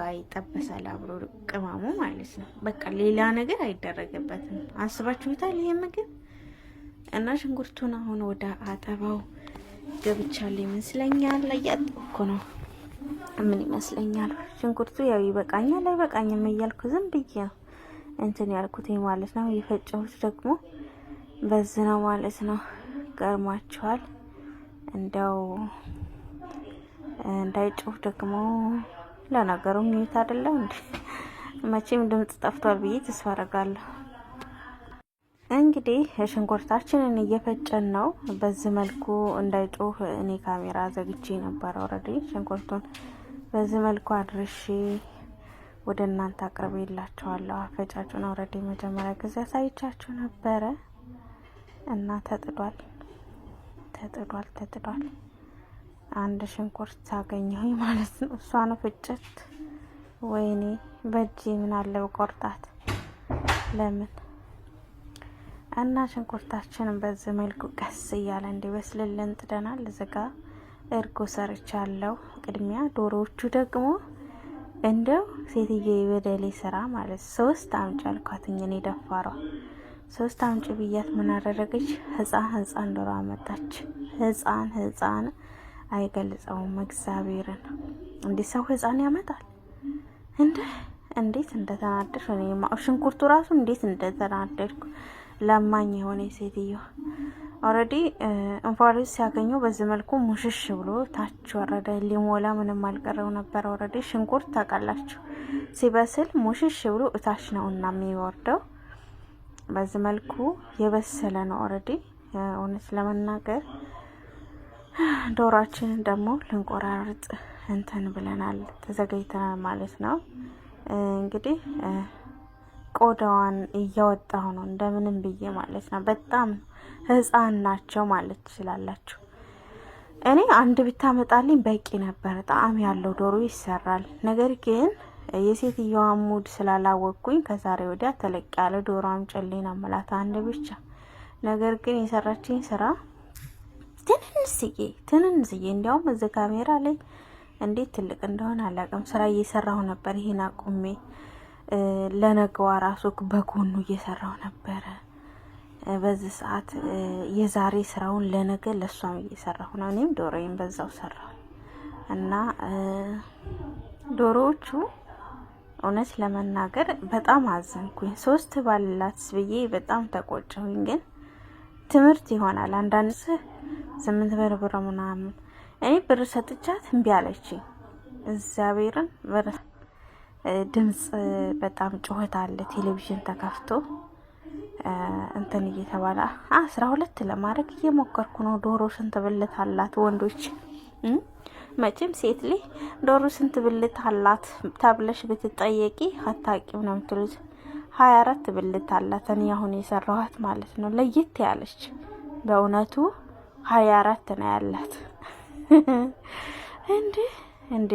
ጋር ይጠበሳል አብሮ ቅመሙ ማለት ነው። በቃ ሌላ ነገር አይደረገበትም። አስባችሁታል? ይሄ ምግብ እና ሽንኩርቱን አሁን ወደ አጠባው ገብቻለሁ ይመስለኛል። እያጠብኩ ነው። ምን ይመስለኛል ሽንኩርቱ ያው ይበቃኛል አይበቃኝም እያልኩ ዝም ብዬ ነው እንትን ያልኩት ማለት ነው። የፈጨሁት ደግሞ በዚህ ነው ማለት ነው። ገርማችኋል። እንደው እንዳይጮህ ደግሞ ለነገሩ ሚዩት አይደለም እንዴ? መቼም ድምጽ ጠፍቷል ብዬ ተስፋ እንግዲህ ሽንኩርታችንን እየፈጨን ነው። በዚህ መልኩ እንዳይጮህ እኔ ካሜራ ዘግቼ ነበር። ኦልሬዲ ሽንኩርቱን በዚህ መልኩ አድርሼ ወደ እናንተ አቅርቤ የላቸዋለሁ። አፈጫጩን ኦልሬዲ መጀመሪያ ጊዜ አሳይቻችሁ ነበረ እና ተጥዷል፣ ተጥዷል፣ ተጥዷል። አንድ ሽንኩርት አገኘሁኝ ማለት ነው። ነው ፍጭት፣ ወይኔ በእጄ ምን አለ ቆርጣት ለምን እና ሽንኩርታችንን በዚህ መልኩ ቀስ እያለ እንዲበስልልን ጥደናል። እዚጋ እርጎ ሰርቻለሁ። ቅድሚያ ዶሮዎቹ ደግሞ እንደው ሴትዬ የበደሌ ስራ ማለት ሶስት አምጪ አልኳትኝ። እኔ ደፋሯ ሶስት አምጪ ብያት ምን አደረገች? ህፃን ህፃን ዶሮ አመጣች። ህፃን ህፃን አይገልጸውም። እግዚአብሔርን እንዴ ሰው ህፃን ያመጣል እንዴ? እንዴት እንደተናደድኩ እኔማ ሽንኩርቱ ራሱ እንዴት እንደተናደድኩ ለማኝ የሆነ ሴትዮ ኦልሬዲ እንፋሎት ሲያገኘው በዚህ መልኩ ሙሽሽ ብሎ ታች ወረደ። ሊሞላ ምንም አልቀረው ነበር። ኦልሬዲ ሽንኩርት ታውቃላችሁ ሲበስል ሙሽሽ ብሎ እታች ነው እና የሚወርደው በዚህ መልኩ የበሰለ ነው። ኦልሬዲ እውነት ለመናገር ዶሯችንን ደግሞ ልንቆራርጥ እንትን ብለናል፣ ተዘጋጅተናል ማለት ነው። እንግዲህ ቆዳዋን እያወጣሁ ነው እንደምንም ብዬ ማለት ነው። በጣም ህፃን ናቸው ማለት ትችላላችሁ። እኔ አንድ ብታመጣልኝ በቂ ነበር። ጣዕም ያለው ዶሮ ይሰራል። ነገር ግን የሴትዮዋ ሙድ ስላላወቅኩኝ ከዛሬ ወዲያ ተለቅ ያለ ዶሮ አምጪልኝ ነው የምላት አንድ ብቻ። ነገር ግን የሰራችኝ ስራ ትንንስዬ ትንንስዬ እንዲያውም እዚ ካሜራ ላይ እንዴት ትልቅ እንደሆነ አላውቅም። ስራ እየሰራሁ ነበር። ይሄን አቁሜ ለነገዋ ራሱ በጎኑ እየሰራሁ ነበረ። በዚህ ሰዓት የዛሬ ስራውን ለነገ ለእሷም እየሰራሁ ነው። እኔም ዶሮዬን በዛው ሰራሁ እና ዶሮዎቹ እውነት ለመናገር በጣም አዘንኩኝ። ሶስት ባልላት ብዬ በጣም ተቆጨሁኝ። ግን ትምህርት ይሆናል አንዳንድ ስምንት ብር ብር ምናምን እኔ ብር ሰጥቻት እምቢ አለች። እግዚአብሔርን ድምፅ በጣም ጩኸት አለ። ቴሌቪዥን ተከፍቶ እንትን እየተባለ አስራ ሁለት ለማድረግ እየሞከርኩ ነው። ዶሮ ስንት ብልት አላት? ወንዶች መቼም ሴት ልጅ ዶሮ ስንት ብልት አላት ተብለሽ ብትጠየቂ አታቂም ነው የምትሉት። ሀያ አራት ብልት አላት። እኔ አሁን የሰራኋት ማለት ነው። ለየት ያለች በእውነቱ ሀያ አራት ነው ያላት። እንዴ እንዴ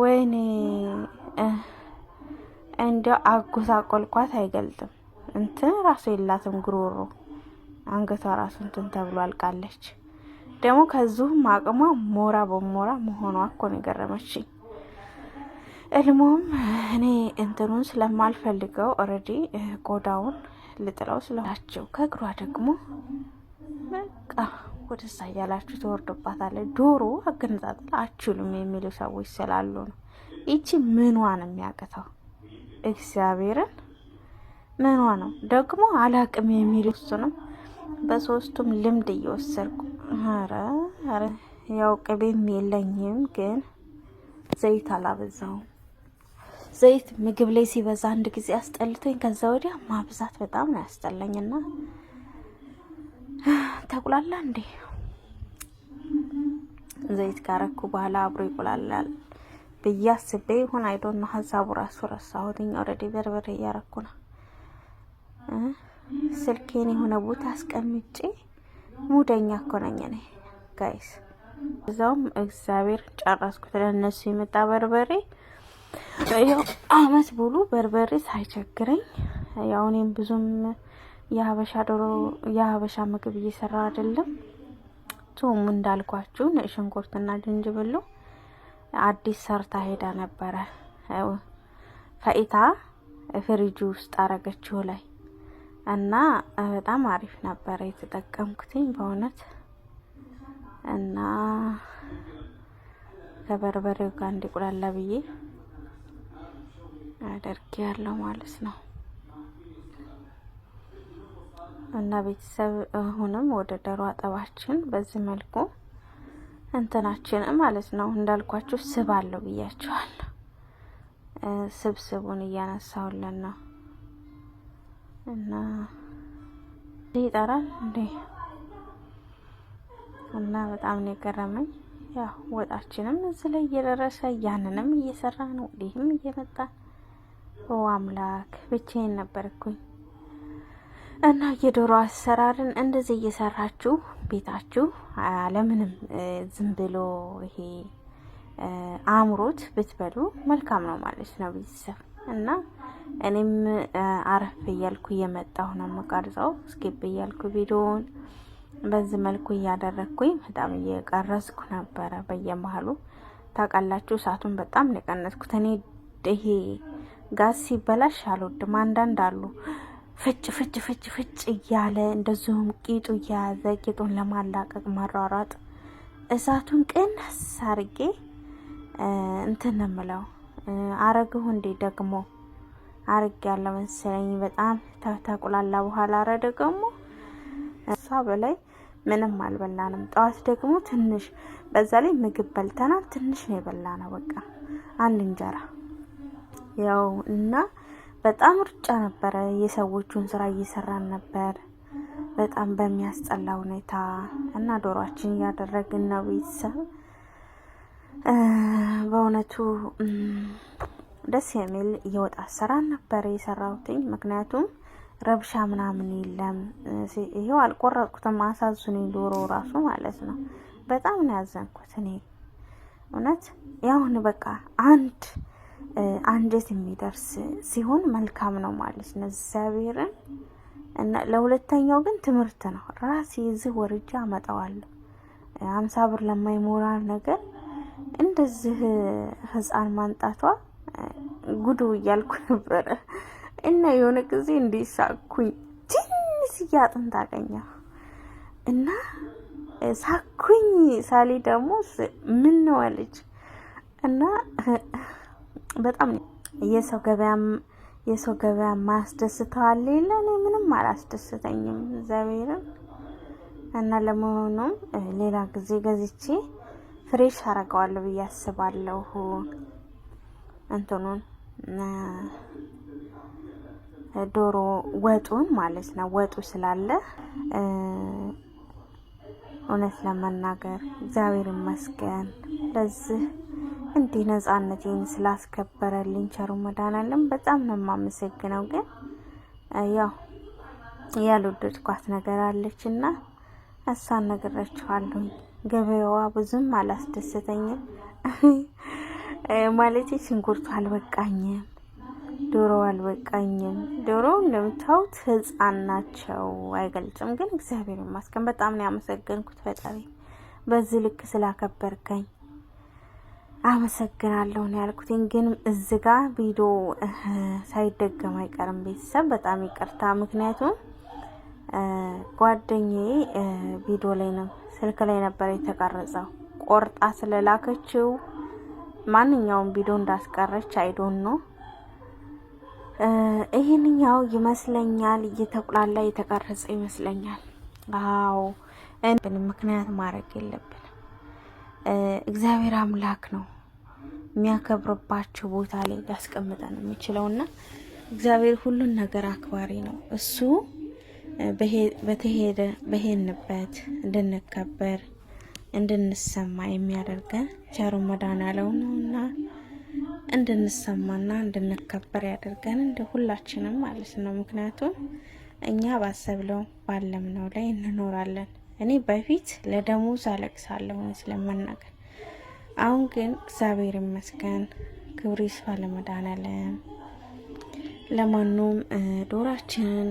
ወይኔ እንዲያው አጎሳቆልኳት አይገልጥም። እንትን ራሱ የላትም ጉሮሮ አንገቷ ራሱ እንትን ተብሎ አልቃለች። ደግሞ ከዚሁም አቅሟ ሞራ በሞራ መሆኗ እኮ ነው የገረመችኝ። እልሞም እኔ እንትኑን ስለማልፈልገው ኦልሬዲ ቆዳውን ልጥለው ስለሆናቸው ከእግሯ ደግሞ በቃ ወደዛ እያላችሁ ትወርዶባታለች። ዶሮ አገነጣጠል አችሉም የሚሉ ሰዎች ስላሉ ነው። ይቺ ምኗ ነው የሚያቅተው? እግዚአብሔርን ምኗ ነው ደግሞ አላቅም የሚሉ እሱንም በሶስቱም ልምድ እየወሰድኩ ኧረ ኧረ ያው ቅቤም የለኝም ግን ዘይት አላበዛውም። ዘይት ምግብ ላይ ሲበዛ አንድ ጊዜ አስጠልቶኝ ከዛ ወዲያ ማብዛት በጣም ነው ያስጠላኝና ተቁላላ እንዴ? ዘይት ካረኩ በኋላ አብሮ ይቁላላል ብዬ አስቤ ይሁን አይዶን ነው ሀሳቡ ራሱ ረሳሁትኝ። ኦልሬዲ በርበሬ እያረኩ ነው። ስልኬን የሆነ ቦታ አስቀምጬ ሙደኛ እኮ ነኝ እኔ ጋይስ። እዛውም እግዚአብሔር ጨረስኩት። ለእነሱ የመጣ በርበሬ ያው አመት ሙሉ በርበሬ ሳይቸግረኝ ያው እኔም ብዙም የሀበሻ ዶሮ የሀበሻ ምግብ እየሰራ አይደለም። ቱም እንዳልኳችሁ ሽንኩርትና ዝንጅብሉ አዲስ ሰርታ ሄዳ ነበረ። ፈኢታ ፍሪጁ ውስጥ አረገችው ላይ እና በጣም አሪፍ ነበረ የተጠቀምኩትኝ በእውነት እና ከበርበሬው ጋር እንዲቁላላ ብዬ አደርግ ያለው ማለት ነው። እና ቤተሰብ አሁንም ወደ ደሮ አጠባችን በዚህ መልኩ እንትናችን ማለት ነው እንዳልኳችሁ ስብ አለው ብያችኋለሁ። ስብስቡን እያነሳውለን ነው እና ይጠራል እንዴ እና በጣም ነው የገረመኝ። ያው ወጣችንም እዚህ ላይ እየደረሰ ያንንም እየሰራን ወዲህም እየመጣን ኦ አምላክ ብቻዬን ነበርኩኝ። እና የዶሮ አሰራርን እንደዚህ እየሰራችሁ ቤታችሁ አለምንም ዝም ብሎ ይሄ አእምሮት ብትበሉ መልካም ነው ማለት ነው ቤተሰብ። እና እኔም አረፍ እያልኩ እየመጣሁ ነው የምቀርጸው፣ ስኪፕ እያልኩ ቪዲዮውን በዚህ መልኩ እያደረግኩኝ በጣም እየቀረጽኩ ነበረ በየመሀሉ ታውቃላችሁ እሳቱን በጣም ነው የቀነስኩት። እኔ ይሄ ጋዝ ሲበላሽ አልወድም። አንዳንድ አሉ ፍጭ ፍጭ ፍጭ ፍጭ እያለ እንደዚሁም ቂጡ እየያዘ ቂጡን ለማላቀቅ መሯሯጥ። እሳቱን ቅንስ አርጌ እንትን ምለው አረግሁ እንዴ ደግሞ አርግ ያለ መሰለኝ። በጣም ተተቁላላ በኋላ አረ ደግሞ እሷ በላይ ምንም አልበላንም። ጠዋት ደግሞ ትንሽ በዛ ላይ ምግብ በልተናል። ትንሽ ነው የበላ ነው በቃ አንድ እንጀራ ያው እና በጣም ሩጫ ነበረ። የሰዎቹን ስራ እየሰራን ነበር በጣም በሚያስጠላ ሁኔታ እና ዶሯችን እያደረግን ነው። ቤተሰብ በእውነቱ ደስ የሚል የወጥ አሰራር ነበረ የሰራሁትኝ። ምክንያቱም ረብሻ ምናምን የለም። ይሄው አልቆረጥኩትም። አሳዝኑኝ ዶሮ ራሱ ማለት ነው። በጣም ነው ያዘንኩት እኔ እውነት ያሁን በቃ አንድ አንጀት የሚደርስ ሲሆን መልካም ነው ማለት ነው። እግዚአብሔርን እና ለሁለተኛው ግን ትምህርት ነው። ራሴ እዚህ ወርጃ አመጣዋለሁ። አምሳ ብር ለማይሞራ ነገር እንደዚህ ህፃን ማንጣቷ ጉዱ እያልኩ ነበረ እና የሆነ ጊዜ እንዲሳኩኝ ትንሽ እያጥንት አገኘሁ እና ሳኩኝ ሳሌ ደግሞ ምን ነው አለች እና በጣም የሰው ገበያ የሰው ገበያ ማስደስተዋል የለ እኔ ምንም አላስደስተኝም እግዚአብሔርን እና ለመሆኑም ሌላ ጊዜ ገዝቼ ፍሬሽ አረገዋለሁ ብዬ አስባለሁ። እንትኑን ዶሮ ወጡን ማለት ነው። ወጡ ስላለ እውነት ለመናገር እግዚአብሔር ይመስገን ለዚህ እንዴ ነጻነቴን ስላስከበረልኝ ቸሩ መድኃኔዓለም በጣም ነው የማመሰግነው። ግን ያው ያልወደድኳት ነገር አለች እና እሷን ገበያዋ ብዙም አላስደሰተኝም ማለት ሽንኩርቱ አልበቃኝም፣ ዶሮ አልበቃኝም። ዶሮ እንደምታዩት ህፃን ናቸው አይገልጽም። ግን እግዚአብሔር ይመስገን በጣም ነው ያመሰገንኩት ፈጣሪ በዚህ ልክ ስላከበርከኝ አመሰግናለሁ ነው ያልኩትኝ። ግን እዚ ጋ ቪዲዮ ሳይደገም አይቀርም ቤተሰብ በጣም ይቅርታ። ምክንያቱም ጓደኛዬ ቪዲዮ ላይ ነው ስልክ ላይ ነበር የተቀረጸው ቆርጣ ስለላከችው ማንኛውም ቪዲዮ እንዳስቀረች አይዶን ነው። ይህንኛው ይመስለኛል እየተቁላላ የተቀረጸ ይመስለኛል። አዎ ምክንያት ማድረግ የለብን እግዚአብሔር አምላክ ነው የሚያከብርባቸው ቦታ ላይ ሊያስቀምጠን የሚችለውና እግዚአብሔር ሁሉን ነገር አክባሪ ነው። እሱ በተሄደ በሄንበት እንድንከበር እንድንሰማ የሚያደርገን ቸሩ መድኃኔዓለም ነውና እንድንሰማና እንድንከበር ያደርገን እንደ ሁላችንም ማለት ነው። ምክንያቱም እኛ ባሰብለው ባለምነው ላይ እንኖራለን። እኔ በፊት ለደሞዝ አለቅሳለሁ ስለመናገር፣ አሁን ግን እግዚአብሔር ይመስገን ክብር ይስፋ ለመድኃኔዓለም። ለማንም ዶሯችንን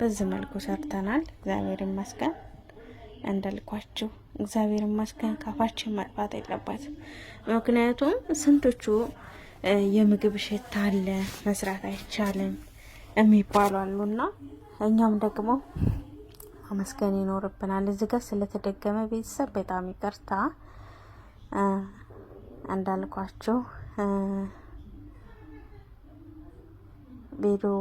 በዚህ መልኩ ሰርተናል። እግዚአብሔር ይመስገን እንደልኳችሁ እግዚአብሔር ይመስገን። ካፋችን መጥፋት የለባት። ምክንያቱም ስንቶቹ የምግብ ሽታ አለ መስራት አይቻልም የሚባሉ አሉና እኛም ደግሞ ማመስገን ይኖርብናል። እዚህ ጋር ስለተደገመ ቤተሰብ በጣም ይቅርታ እንዳልኳቸው ቪዲዮ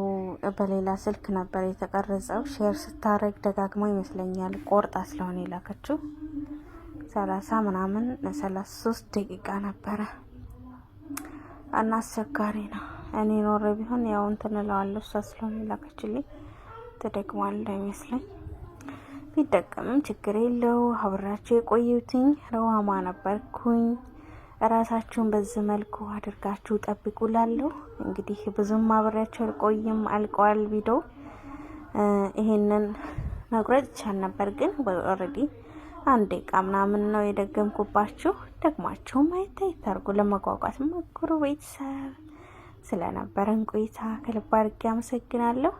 በሌላ ስልክ ነበር የተቀረጸው። ሼር ስታረግ ደጋግሞ ይመስለኛል ቆርጣ ስለሆነ የላከችው ሰላሳ ምናምን ሰላሳ ሶስት ደቂቃ ነበረ እና አስቸጋሪ ነው። እኔ ኖረ ቢሆን ያው እንትን እለዋለሁ። እሷ ስለሆነ የላከችልኝ ተደግሟል ይመስለኝ። ቢጠቀምም ችግር የለው። አብራቸው የቆዩትኝ ረዋማ ነበርኩኝ። እራሳችሁን በዚህ መልኩ አድርጋችሁ ጠብቁላለሁ። እንግዲህ ብዙም አብሬያቸው አልቆይም፣ አልቀዋል ቪዲዮ ይሄንን መቁረጥ ይቻል ነበር፣ ግን ኦልሬዲ አንድ ቃ ምናምን ነው የደገምኩባችሁ። ደግማችሁ ማየት ይታርጉ ለመጓጓት ሞክሩ። ቤተሰብ ስለነበረን ቆይታ ከልብ አድርጌ አመሰግናለሁ።